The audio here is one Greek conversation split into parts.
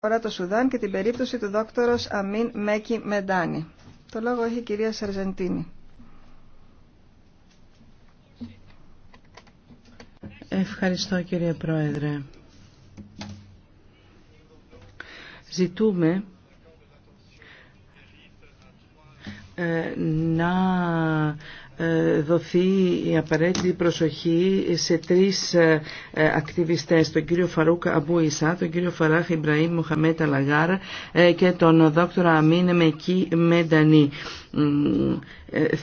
αφορά το Σουδάν και την περίπτωση του δόκτωρος Αμίν Μέκη Μεντάνη. Το λόγο έχει η κυρία Σαρζεντίνη. Ευχαριστώ κύριε Πρόεδρε. Ζητούμε ε, να δοθεί η απαραίτητη προσοχή σε τρεις ε, ακτιβιστές, τον κύριο Φαρούκ Αμπού Ισά, τον κύριο Φαράχ Ιμπραήμ Μοχαμέτα Λαγάρα ε, και τον δόκτωρα Αμίνε Μεκί Μεντανή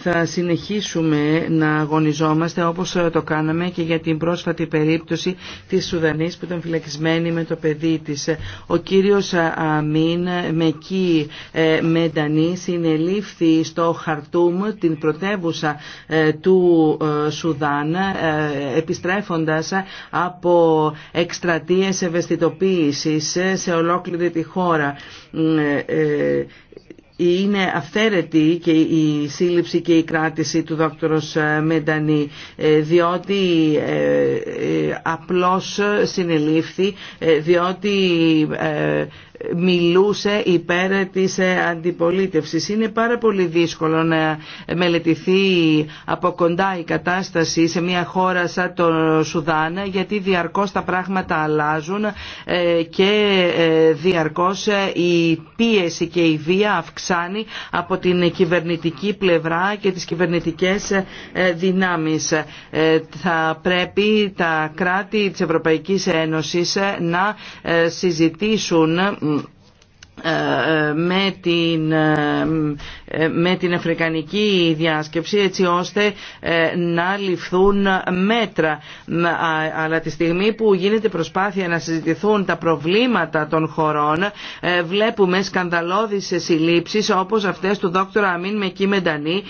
θα συνεχίσουμε να αγωνιζόμαστε όπως ε, το κάναμε και για την πρόσφατη περίπτωση της Σουδανής που ήταν φυλακισμένη με το παιδί της. Ο κύριος ε, Αμίν μεκή ε, Μεντανή συνελήφθη στο Χαρτούμ την πρωτεύουσα του Σουδάν επιστρέφοντας από εκστρατείες ευαισθητοποίησης σε ολόκληρη τη χώρα είναι αυθαίρετη και η σύλληψη και η κράτηση του δόκτωρος ε, Μεντανή ε, διότι ε, απλώς συνελήφθη διότι μιλούσε υπέρ της ε, αντιπολίτευσης. Είναι πάρα πολύ δύσκολο να μελετηθεί από κοντά η κατάσταση σε μια χώρα σαν το Σουδάν γιατί διαρκώς τα πράγματα αλλάζουν ε, και ε, διαρκώς η πίεση και η βία αυξάνει από την κυβερνητική πλευρά και τις κυβερνητικές δυνάμεις. Θα πρέπει τα κράτη της Ευρωπαϊκής Ένωσης να συζητήσουν ε, ε, με την, ε, με την Αφρικανική διάσκεψη έτσι ώστε να ληφθούν μέτρα. Αλλά τη στιγμή που γίνεται προσπάθεια να συζητηθούν τα προβλήματα των χωρών βλέπουμε σκανδαλώδεις συλλήψεις όπως αυτές του δόκτωρα Αμίν Μεκί Μεντανή,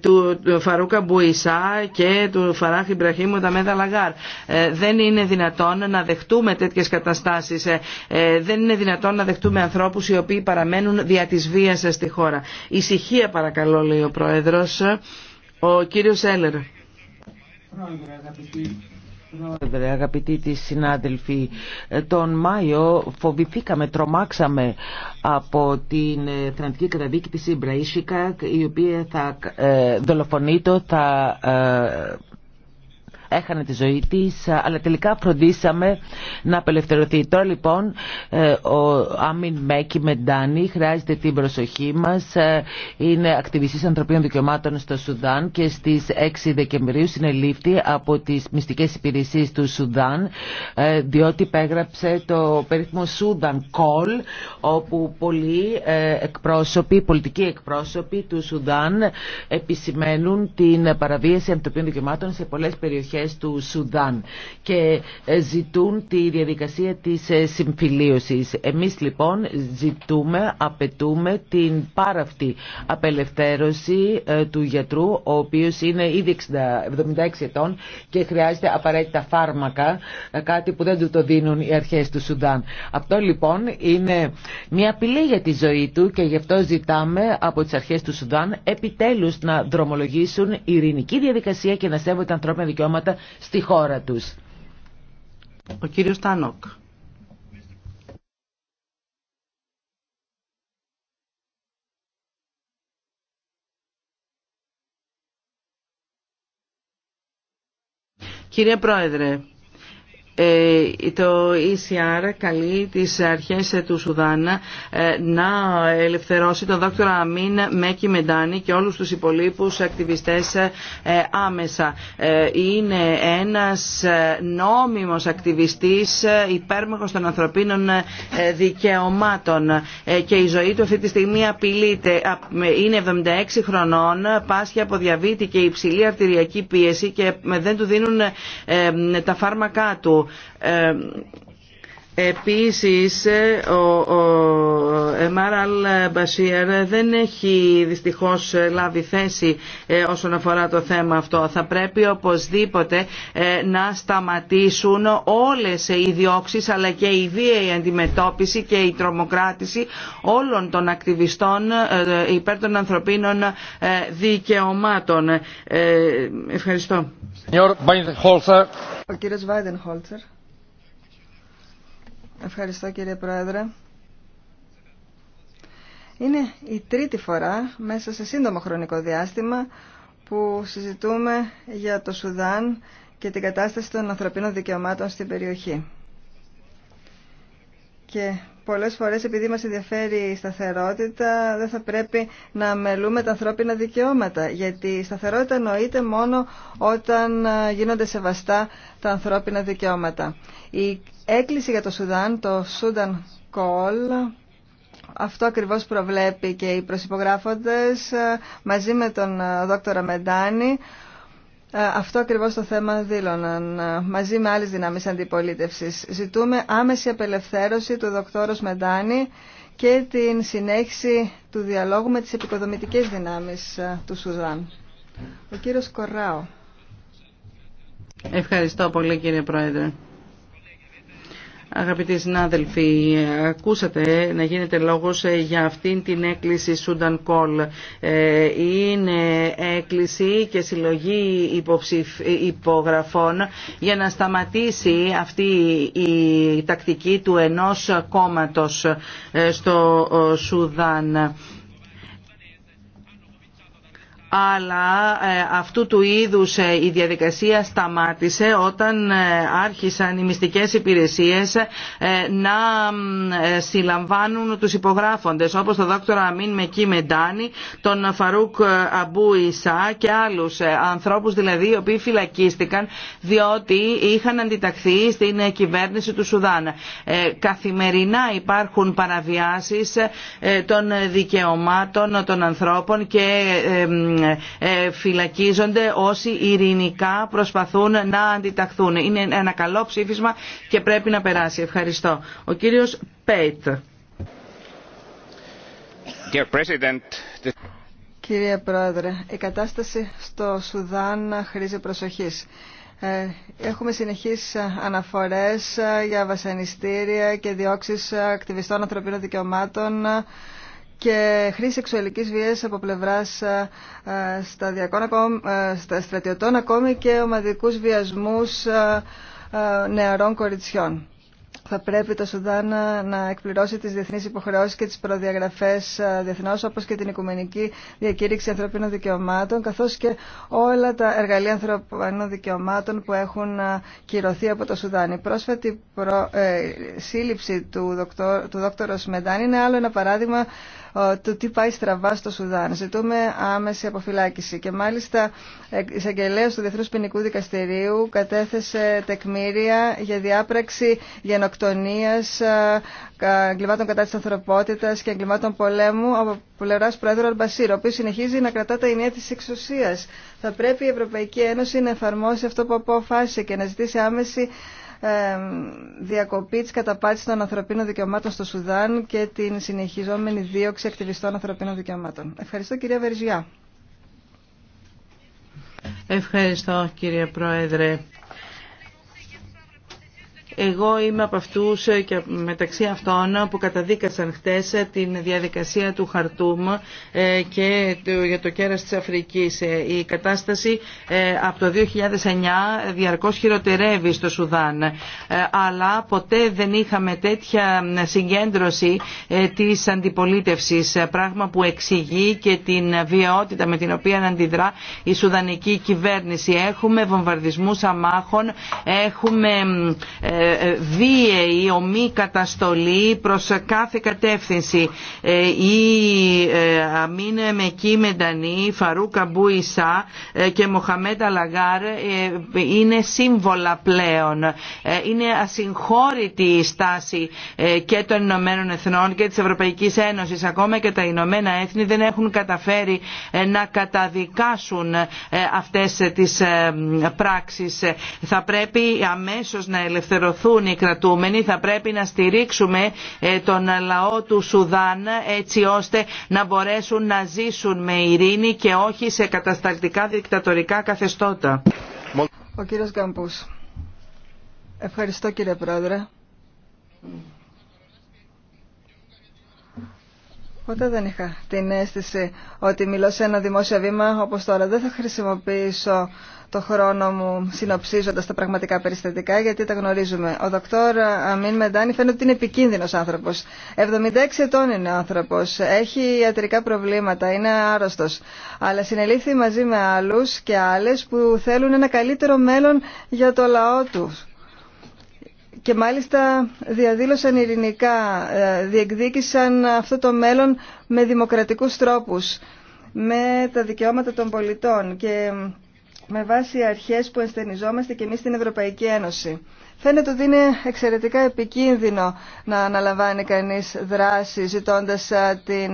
του Φαρούκα Μπουισά και του Φαράχ Ιμπραχήμου Ταμέδα Λαγάρ. Δεν είναι δυνατόν να δεχτούμε τέτοιες καταστάσεις. Δεν είναι δυνατόν να δεχτούμε ανθρώπους οι οποίοι παραμένουν δια της βίας στη χώρα. Ησυχία παρακαλώ λέει ο Πρόεδρος. Ο κύριος Έλερ. Πρόεδρε, αγαπητοί της συνάδελφοι, τον Μάιο φοβηθήκαμε, τρομάξαμε από την ε, θεραντική καταδίκη της Ιμπραΐσικα η οποία θα ε, το, θα ε, έχανε τη ζωή της, αλλά τελικά φροντίσαμε να απελευθερωθεί. Τώρα λοιπόν ε, ο Αμιν Μέκη Μεντάνη χρειάζεται την προσοχή μας. Ε, είναι ακτιβιστής ανθρωπίνων δικαιωμάτων στο Σουδάν και στις 6 Δεκεμβρίου συνελήφθη από τις μυστικές υπηρεσίες του Σουδάν ε, διότι υπέγραψε το περίφημο Σούδαν Κόλ όπου πολλοί εκπρόσωποι, πολιτικοί εκπρόσωποι του Σουδάν επισημαίνουν την παραβίαση ανθρωπίνων δικαιωμάτων σε πολλές περιοχές του Σουδάν και ε, ζητούν τη διαδικασία της ε, συμφιλίωσης. Εμείς λοιπόν ζητούμε, απαιτούμε την πάραυτη απελευθέρωση ε, του γιατρού, ο οποίος είναι ήδη 76 ετών και χρειάζεται απαραίτητα φάρμακα, κάτι που δεν του το δίνουν οι αρχές του Σουδάν. Αυτό λοιπόν είναι μια απειλή για τη ζωή του και γι' αυτό ζητάμε από τις αρχές του Σουδάν επιτέλους να δρομολογήσουν ειρηνική διαδικασία και να σέβονται ανθρώπινα δικαιώματα στη χώρα τους. Ο κύριος Τάνοκ. Κύριε Πρόεδρε, ε, το ECR καλεί τις αρχές του Σουδάνα ε, να ελευθερώσει τον δόκτωρα Αμίν Μέκη Μεντάνη και όλους τους υπολείπους ακτιβιστές ε, άμεσα. Είναι ένας νόμιμος ακτιβιστής υπέρμαχος των ανθρωπίνων δικαιωμάτων και η ζωή του αυτή τη στιγμή απειλείται. Είναι 76 χρονών, πάσχει από διαβήτη και υψηλή αρτηριακή πίεση και δεν του δίνουν τα φάρμακά του εμ Επίσης, ο Μαραλ Μπασίερ δεν έχει δυστυχώς λάβει θέση ε, όσον αφορά το θέμα αυτό. Θα πρέπει οπωσδήποτε ε, να σταματήσουν όλες οι διώξεις αλλά και η η αντιμετώπιση και η τρομοκράτηση όλων των ακτιβιστών ε, υπέρ των ανθρωπίνων δικαιωμάτων. Ευχαριστώ. Ο κύριος Βάιντεν Χόλτσερ. Ευχαριστώ κύριε Πρόεδρε. Είναι η τρίτη φορά μέσα σε σύντομο χρονικό διάστημα που συζητούμε για το Σουδάν και την κατάσταση των ανθρωπίνων δικαιωμάτων στην περιοχή. Και πολλές φορές επειδή μας ενδιαφέρει η σταθερότητα δεν θα πρέπει να μελούμε τα ανθρώπινα δικαιώματα γιατί η σταθερότητα νοείται μόνο όταν ε, γίνονται σεβαστά τα ανθρώπινα δικαιώματα. Η έκκληση για το Σουδάν, το Sudan Call. Αυτό ακριβώς προβλέπει και οι προσυπογράφοντες ε, μαζί με τον ε, δόκτορα Μεντάνη. Ε, αυτό ακριβώς το θέμα δήλωναν μαζί με άλλες δυνάμεις αντιπολίτευσης. Ζητούμε άμεση απελευθέρωση του δοκτώρος Μεντάνη και την συνέχιση του διαλόγου με τις επικοδομητικές δυνάμεις του Σουδάν. Ο κύριος Κοράου. Ευχαριστώ πολύ κύριε Πρόεδρε. Αγαπητοί συνάδελφοι, ακούσατε να γίνεται λόγος ε, για αυτήν την έκκληση Σούνταν Κόλ. Ε, είναι έκκληση και συλλογή υπογραφών για να σταματήσει αυτή η τακτική του ενός κόμματος ε, στο Σουδάν αλλά ε, αυτού του είδους ε, η διαδικασία σταμάτησε όταν ε, άρχισαν οι μυστικές υπηρεσίες να συλλαμβάνουν τους υπογράφοντες όπως τον δόκτωρα Αμίν Μεκί Μεντάνη, τον Φαρούκ Αμπού Ισά και άλλους ανθρώπους δηλαδή οι οποίοι φυλακίστηκαν διότι είχαν αντιταχθεί στην κυβέρνηση του Σουδάν. Καθημερινά υπάρχουν παραβιάσεις των δικαιωμάτων των ανθρώπων και ε, φυλακίζονται όσοι ειρηνικά προσπαθούν να αντιταχθούν. Είναι ένα καλό ψήφισμα και πρέπει να περάσει. Ευχαριστώ. Ο κύριος Πέιτ. Κύριε Πρόεδρε, η κατάσταση στο Σουδάν χρήζει προσοχής. Ε, έχουμε συνεχείς αναφορές για βασανιστήρια και διώξεις ακτιβιστών ανθρωπίνων δικαιωμάτων και χρήση σεξουαλική βία από πλευρά ε, ε, ε, στα στρατιωτών, ακόμη και ομαδικούς βιασμούς νεαρών κοριτσιών θα πρέπει το Σουδάν να εκπληρώσει τις διεθνείς υποχρεώσεις και τις προδιαγραφές ε, διεθνώς, όπως και την Οικουμενική Διακήρυξη Ανθρωπίνων Δικαιωμάτων, καθώς και όλα τα εργαλεία ανθρωπίνων δικαιωμάτων που έχουν ε, κυρωθεί από το Σουδάν. Η πρόσφατη προ... Ε, σύλληψη του, δοκτώ... του Μεντάν είναι άλλο ένα παράδειγμα του τι πάει στραβά στο Σουδάν. Ζητούμε άμεση αποφυλάκηση. Και μάλιστα η εισαγγελέα του Διεθνούς Ποινικού Δικαστηρίου κατέθεσε τεκμήρια για διάπραξη γενοκτονία γενοκτονίας, ε, εγκλημάτων κατά της ανθρωπότητας και εγκλημάτων πολέμου από πλευρά Πρόεδρου Αρμπασίρ, ο οποίος συνεχίζει να κρατά τα ενία τη εξουσία. Θα πρέπει η Ευρωπαϊκή Ένωση να εφαρμόσει αυτό που αποφάσισε και να ζητήσει άμεση ε, διακοπή τη καταπάτηση των ανθρωπίνων δικαιωμάτων στο Σουδάν και την συνεχιζόμενη δίωξη ακτιβιστών ανθρωπίνων δικαιωμάτων. Ευχαριστώ κυρία Βεριζιά. Ευχαριστώ κύριε Πρόεδρε. Εγώ είμαι από αυτούς ε, και μεταξύ αυτών που καταδίκασαν χτε ε, την διαδικασία του Χαρτούμ ε, και για το κέρα της Αφρική. Η κατάσταση από το 2009 διαρκώς χειροτερεύει στο Σουδάν. Αλλά ποτέ δεν είχαμε τέτοια συγκέντρωση της αντιπολίτευσης. Πράγμα που εξηγεί και την βιαιότητα με την οποία αντιδρά η Σουδανική κυβέρνηση. Έχουμε βομβαρδισμούς αμάχων, έχουμε ε, βίαιη ομή καταστολή προς κάθε κατεύθυνση. Ε, η ε, Αμίνε Μεκί Μεντανή, Φαρού Καμπού Ισά και Μοχαμέντα Λαγάρ είναι σύμβολα πλέον. Είναι ασυγχώρητη η στάση και των Ηνωμένων Εθνών και της Ευρωπαϊκής Ένωσης. Ακόμα και τα Ηνωμένα Έθνη δεν έχουν καταφέρει να καταδικάσουν αυτές τις πράξεις. Θα πρέπει αμέσως να ελευθερωθούν οι θα πρέπει να στηρίξουμε ε, τον λαό του Σουδάν έτσι ώστε να μπορέσουν να ζήσουν με ειρήνη και όχι σε κατασταλτικά δικτατορικά καθεστώτα. Γκαμπούς. Ευχαριστώ κύριε Ποτέ δεν είχα την αίσθηση ότι μιλώ σε ένα δημόσιο βήμα όπως τώρα. Δεν θα χρησιμοποιήσω το χρόνο μου συνοψίζοντας τα πραγματικά περιστατικά γιατί τα γνωρίζουμε. Ο δοκτώρ Αμίν Μεντάνη φαίνεται ότι είναι επικίνδυνος άνθρωπος. 76 ετών είναι άνθρωπος, έχει ιατρικά προβλήματα, είναι άρρωστος. Αλλά συνελήφθη μαζί με άλλους και άλλες που θέλουν ένα καλύτερο μέλλον για το λαό του και μάλιστα διαδήλωσαν ειρηνικά, ε, διεκδίκησαν αυτό το μέλλον με δημοκρατικούς τρόπους, με τα δικαιώματα των πολιτών και με βάση αρχές που ενστενιζόμαστε και εμείς στην Ευρωπαϊκή Ένωση. Φαίνεται ότι είναι εξαιρετικά επικίνδυνο να αναλαμβάνει κανείς δράση ζητώντας την,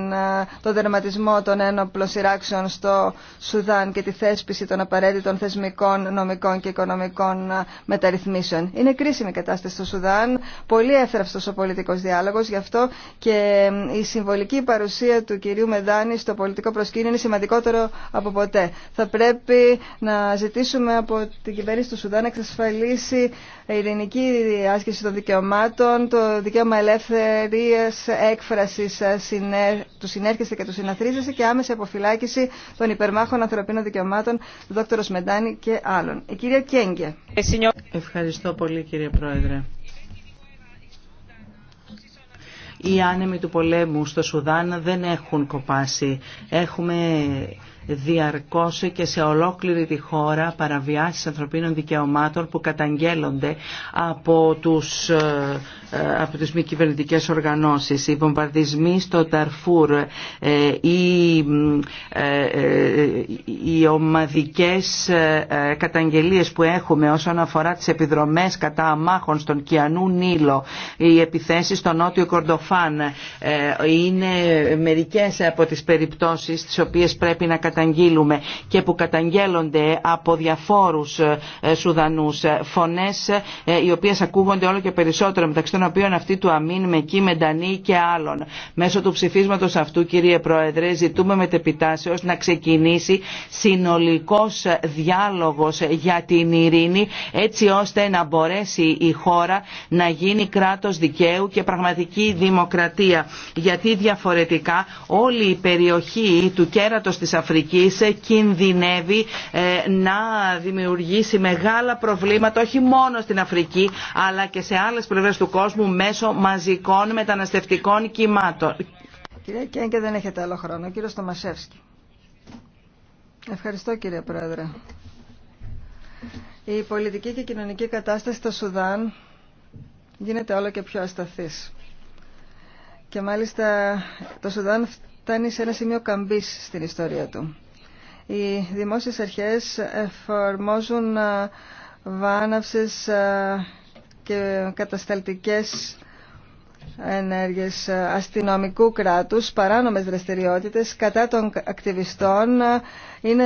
τον των ένοπλων σειράξεων στο Σουδάν και τη θέσπιση των απαραίτητων θεσμικών, νομικών και οικονομικών μεταρρυθμίσεων. Είναι κρίσιμη η κατάσταση στο Σουδάν, πολύ εύθραυστος ο πολιτικός διάλογος, γι' αυτό και η συμβολική παρουσία του κυρίου Μεδάνη στο πολιτικό προσκήνιο είναι σημαντικότερο από ποτέ. Θα πρέπει να ζητήσουμε από την κυβέρνηση του Σουδάν να εξασφαλίσει ε, ειρηνική άσκηση των δικαιωμάτων, το δικαίωμα ελευθερίας έκφρασης ε, του συνέρχεστε και του συναθρίζεστε και άμεση αποφυλάκηση των υπερμάχων ανθρωπίνων δικαιωμάτων, του δόκτωρος Μεντάνη και άλλων. Η κυρία Κέγκε. Ευχαριστώ πολύ κύριε Πρόεδρε. Οι άνεμοι του πολέμου στο Σουδάν δεν έχουν κοπάσει. Έχουμε διαρκώς και σε ολόκληρη τη χώρα παραβιάσεις ανθρωπίνων δικαιωμάτων που καταγγέλλονται από, τους, ε, ε, από τις μη κυβερνητικέ οργανώσεις. Οι βομβαρδισμοί στο Ταρφούρ, ε, οι, οι ομαδικές καταγγελίες που έχουμε όσον αφορά τις επιδρομές κατά αμάχων στον Κιανού Νείλο, οι επιθέσεις στο Νότιο Κορντοφάν είναι μερικές από τις περιπτώσεις τις οποίες πρέπει να καταγγείλουμε και που καταγγέλλονται από διαφόρους ε, Σουδανούς ε, φωνές ε, οι οποίες ακούγονται όλο και περισσότερο μεταξύ των οποίων αυτή του Αμίν Μεκί Μεντανή και άλλων. Μέσω του ψηφίσματος αυτού κύριε Πρόεδρε ζητούμε με τεπιτάσεω να ξεκινήσει συνολικός διάλογος για την ειρήνη έτσι ώστε να μπορέσει η χώρα να γίνει κράτος δικαίου και πραγματική δημοκρατία γιατί διαφορετικά όλη η περιοχή του κέρατος της Αφρικής πολιτικής κινδυνεύει ε, να δημιουργήσει μεγάλα προβλήματα όχι μόνο στην Αφρική αλλά και σε άλλες πλευρές του κόσμου μέσω μαζικών μεταναστευτικών κυμάτων. Κυρία και δεν έχετε άλλο χρόνο. Κύριο Στομασεύσκη. Ευχαριστώ κύριε Πρόεδρε. Η πολιτική και κοινωνική κατάσταση στο Σουδάν γίνεται όλο και πιο ασταθής. Και μάλιστα το Σουδάν φτάνει σε ένα σημείο καμπής στην ιστορία του. Οι δημόσιες αρχές εφαρμόζουν ε, βάναυσες ε, και κατασταλτικές ενέργειες αστυνομικού κράτους, παράνομες δραστηριότητες κατά των ακτιβιστών είναι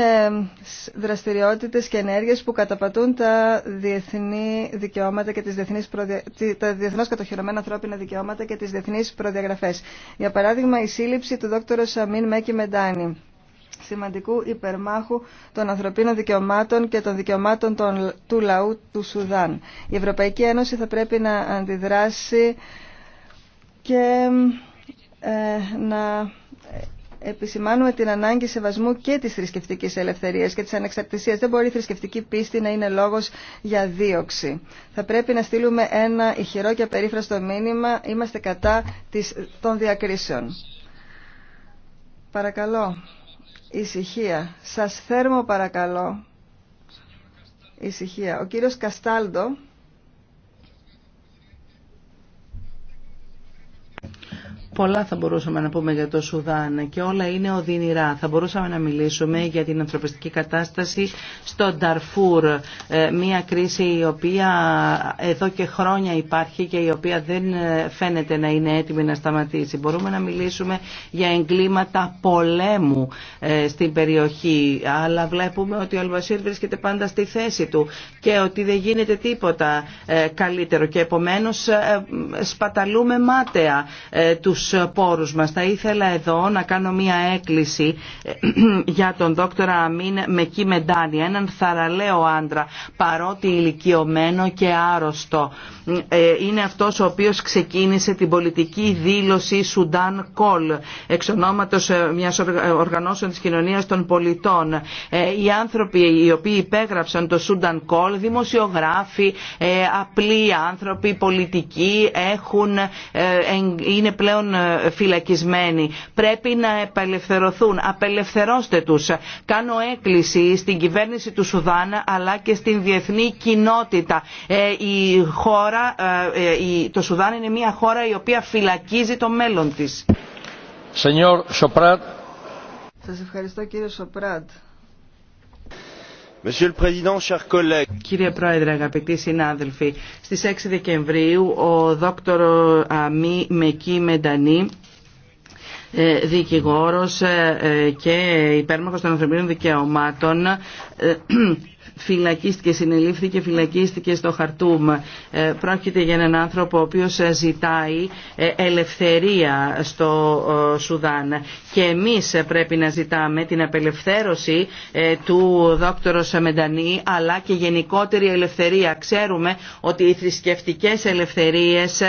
δραστηριότητες και ενέργειες που καταπατούν τα διεθνή δικαιώματα και τις διεθνείς τα διεθνώς κατοχυρωμένα ανθρώπινα δικαιώματα και τις διεθνείς προδιαγραφές. Για παράδειγμα η σύλληψη του δόκτωρο Σαμίν Μέκη Μεντάνη σημαντικού υπερμάχου των ανθρωπίνων δικαιωμάτων και των δικαιωμάτων του λαού του Σουδάν. Η Ευρωπαϊκή Ένωση θα πρέπει να αντιδράσει και ε, να επισημάνουμε την ανάγκη σεβασμού και της θρησκευτικής ελευθερίας και της ανεξαρτησίας. Δεν μπορεί η θρησκευτική πίστη να είναι λόγος για δίωξη. Θα πρέπει να στείλουμε ένα ηχηρό και απερίφραστο μήνυμα. Είμαστε κατά των διακρίσεων. Παρακαλώ, ησυχία. Σας θέρμο παρακαλώ. Ησυχία. Ο κύριος Καστάλντο Πολλά θα μπορούσαμε να πούμε για το Σουδάν και όλα είναι οδυνηρά. Θα μπορούσαμε να μιλήσουμε για την ανθρωπιστική κατάσταση στο Νταρφούρ. Ε, Μία κρίση η οποία εδώ και χρόνια υπάρχει και η οποία δεν ε, φαίνεται να είναι έτοιμη να σταματήσει. Μπορούμε να μιλήσουμε για εγκλήματα πολέμου ε, στην περιοχή. Αλλά βλέπουμε ότι ο Αλβασίρ βρίσκεται πάντα στη θέση του και ότι δεν γίνεται τίποτα καλύτερο. Και επομένως σπαταλούμε μάταια τους τους πόρους μας. Θα ήθελα εδώ να κάνω μία έκκληση ε, για τον δόκτωρα Αμίν Μεκί Μεντάνη, έναν θαραλέο άντρα, παρότι ηλικιωμένο και άρρωστο. Ε, είναι αυτός ο οποίος ξεκίνησε την πολιτική δήλωση Σουντάν Κολ, εξ ονόματος ε, μιας οργανώσεων της κοινωνίας των πολιτών. Οι άνθρωποι οι οποίοι υπέγραψαν το Σουντάν Κολ, δημοσιογράφοι, απλοί άνθρωποι, πολιτικοί, έχουν, είναι πλέον ε, φυλακισμένοι. Πρέπει να επελευθερωθούν. Απελευθερώστε τους. Κάνω έκκληση στην κυβέρνηση του Σουδάν αλλά και στην διεθνή κοινότητα. Ε, η χώρα, ε, το Σουδάν είναι μια χώρα η οποία φυλακίζει το μέλλον της. Σας ευχαριστώ κύριε Σοπράτ. Κύριε Πρόεδρε, αγαπητοί συνάδελφοι, στις 6 Δεκεμβρίου ο δόκτωρο Αμή Μεκί Μεντανή ε, δικηγόρος ε, ε, και υπέρμαχος των ανθρωπίνων δικαιωμάτων φυλακίστηκε, συνελήφθηκε, φυλακίστηκε στο Χαρτούμ. Ε, πρόκειται για έναν άνθρωπο ο οποίος ε, ζητάει ε, ελευθερία στο Σουδάν. Και εμείς πρέπει να ζητάμε την απελευθέρωση του δόκτωρο Σαμεντανή αλλά και γενικότερη ελευθερία. Ξέρουμε ότι οι θρησκευτικές ελευθερίες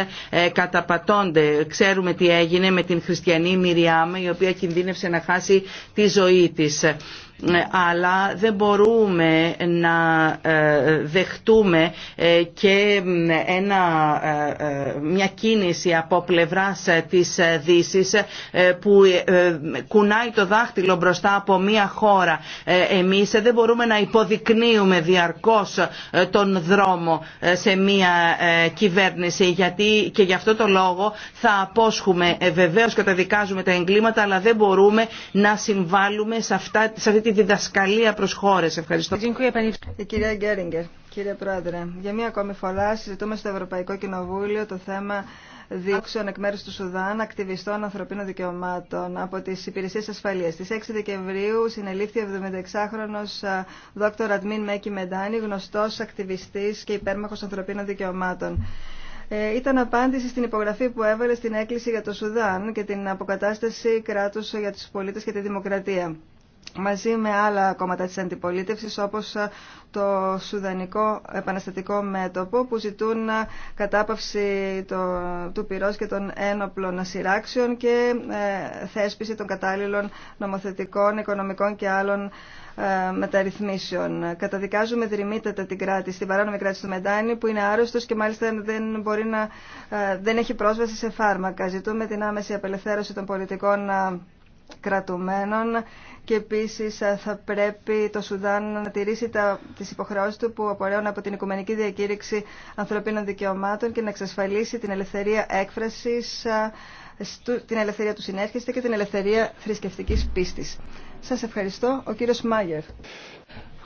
καταπατώνται. Ξέρουμε τι έγινε με την χριστιανή Μυριάμ η οποία κινδύνευσε να χάσει τη ζωή της. Ναι, αλλά δεν μπορούμε να ε, δεχτούμε ε, και ένα, ε, μια κίνηση από πλευράς της δύση που κουνάει το δάχτυλο μπροστά από μια χώρα. Εμείς δεν μπορούμε να υποδεικνύουμε διαρκώς τον δρόμο σε μια κυβέρνηση γιατί και γι' αυτό το λόγο θα απόσχουμε βεβαίως καταδικάζουμε τα εγκλήματα αλλά δεν μπορούμε να συμβάλλουμε σε, αυτά, σε τη διδασκαλία προς χώρες. Ευχαριστώ. Η ε, κυρία Γκέριγκερ, κύριε Πρόεδρε, για μία ακόμη φορά συζητούμε στο Ευρωπαϊκό Κοινοβούλιο το θέμα δίωξεων εκ μέρους του Σουδάν ακτιβιστών ανθρωπίνων δικαιωμάτων από τις υπηρεσίες ασφαλείας. Στις 6 Δεκεμβρίου συνελήφθη χρονος δόκτωρ Ατμίν Μέκη Μεντάνη, γνωστός ακτιβιστής και υπέρμαχο ανθρωπίνων δικαιωμάτων. Ε, ήταν απάντηση στην υπογραφή που έβαλε στην έκκληση για το Σουδάν και την αποκατάσταση κράτους για του πολίτε και τη δημοκρατία μαζί με άλλα κόμματα της αντιπολίτευσης όπως ε, το Σουδανικό Επαναστατικό Μέτωπο που ζητούν ε, κατάπαυση του πυρός και των ένοπλων σειράξεων και ε, θέσπιση των κατάλληλων νομοθετικών, οικονομικών και άλλων μεταρρυθμίσεων. Καταδικάζουμε δρυμύτατα την κράτηση, την παράνομη κράτηση του Μεντάνη που είναι άρρωστος και μάλιστα δεν, δεν έχει πρόσβαση σε φάρμακα. Ζητούμε την άμεση απελευθέρωση των πολιτικών κρατουμένων και επίσης ε, θα πρέπει το Σουδάν να τηρήσει τα, τις υποχρεώσεις του που απορρέουν από την Οικουμενική Διακήρυξη Ανθρωπίνων Δικαιωμάτων και να εξασφαλίσει την ελευθερία έκφρασης, ε, την ελευθερία του συνέρχεστε και την ελευθερία θρησκευτικής πίστης. Σας ευχαριστώ. Ο κύριος Μάγερ.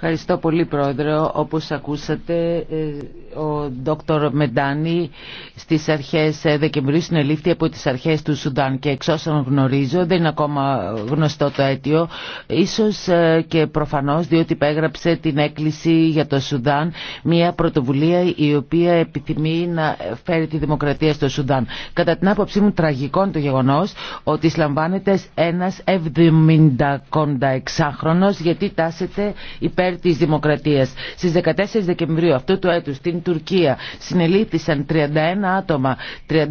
Ευχαριστώ πολύ Πρόεδρε. Όπως ακούσατε, ε, ο Δόκτωρ Μεντάνη στις αρχές ε, Δεκεμβρίου συνελήφθη από τις αρχές του Σουδάν και εξ όσων γνωρίζω, δεν είναι ακόμα γνωστό το αίτιο, ίσως ε, και προφανώς διότι υπέγραψε την έκκληση για το Σουδάν, μια πρωτοβουλία η οποία επιθυμεί να φέρει τη δημοκρατία στο Σουδάν. Κατά την άποψή μου τραγικό το γεγονός ότι σλαμβάνεται ένας 76χρονος γιατί τάσεται υπέρ της δημοκρατίας. Στις 14 Δεκεμβρίου αυτού του έτους στην Τουρκία συνελήφθησαν 31 άτομα, 31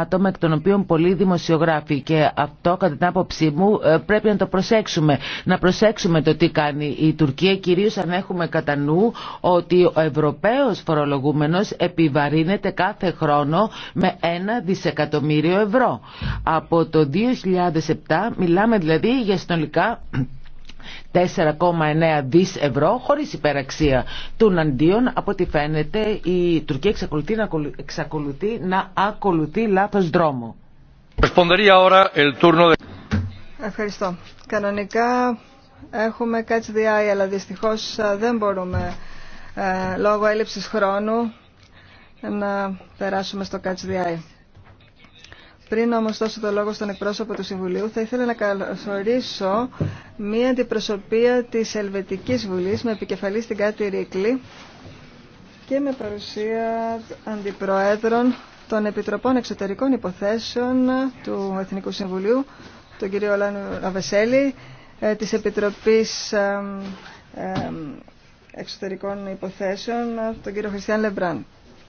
άτομα εκ των οποίων πολλοί δημοσιογράφοι και αυτό κατά την άποψή μου ε, πρέπει να το προσέξουμε. Να προσέξουμε το τι κάνει η Τουρκία κυρίως αν έχουμε κατά νου ότι ο Ευρωπαίος φορολογούμενος επιβαρύνεται κάθε χρόνο με ένα δισεκατομμύριο ευρώ. Από το 2007 μιλάμε δηλαδή για συνολικά 4,9 δις ευρώ χωρίς υπεραξία των αντίον από ό,τι φαίνεται η Τουρκία εξακολουθεί να, εξακολουθεί να ακολουθεί λάθος δρόμο. Ευχαριστώ. Κανονικά έχουμε catch the αλλά δυστυχώς ε, δεν μπορούμε ε, λόγω έλλειψης χρόνου να περάσουμε στο catch the πριν όμω δώσω το λόγο στον εκπρόσωπο του Συμβουλίου, θα ήθελα να καλωσορίσω μία αντιπροσωπεία της Ελβετικής Βουλή, με επικεφαλή στην Κάτι Ρίκλη και με παρουσία αντιπροέδρων των Επιτροπών Εξωτερικών Υποθέσεων του Εθνικού Συμβουλίου, τον κύριο Λάνου Αβεσέλη, ε, της Επιτροπής ε, ε, Εξωτερικών Υποθέσεων, τον κύριο Χριστιαν Λεμπράντ.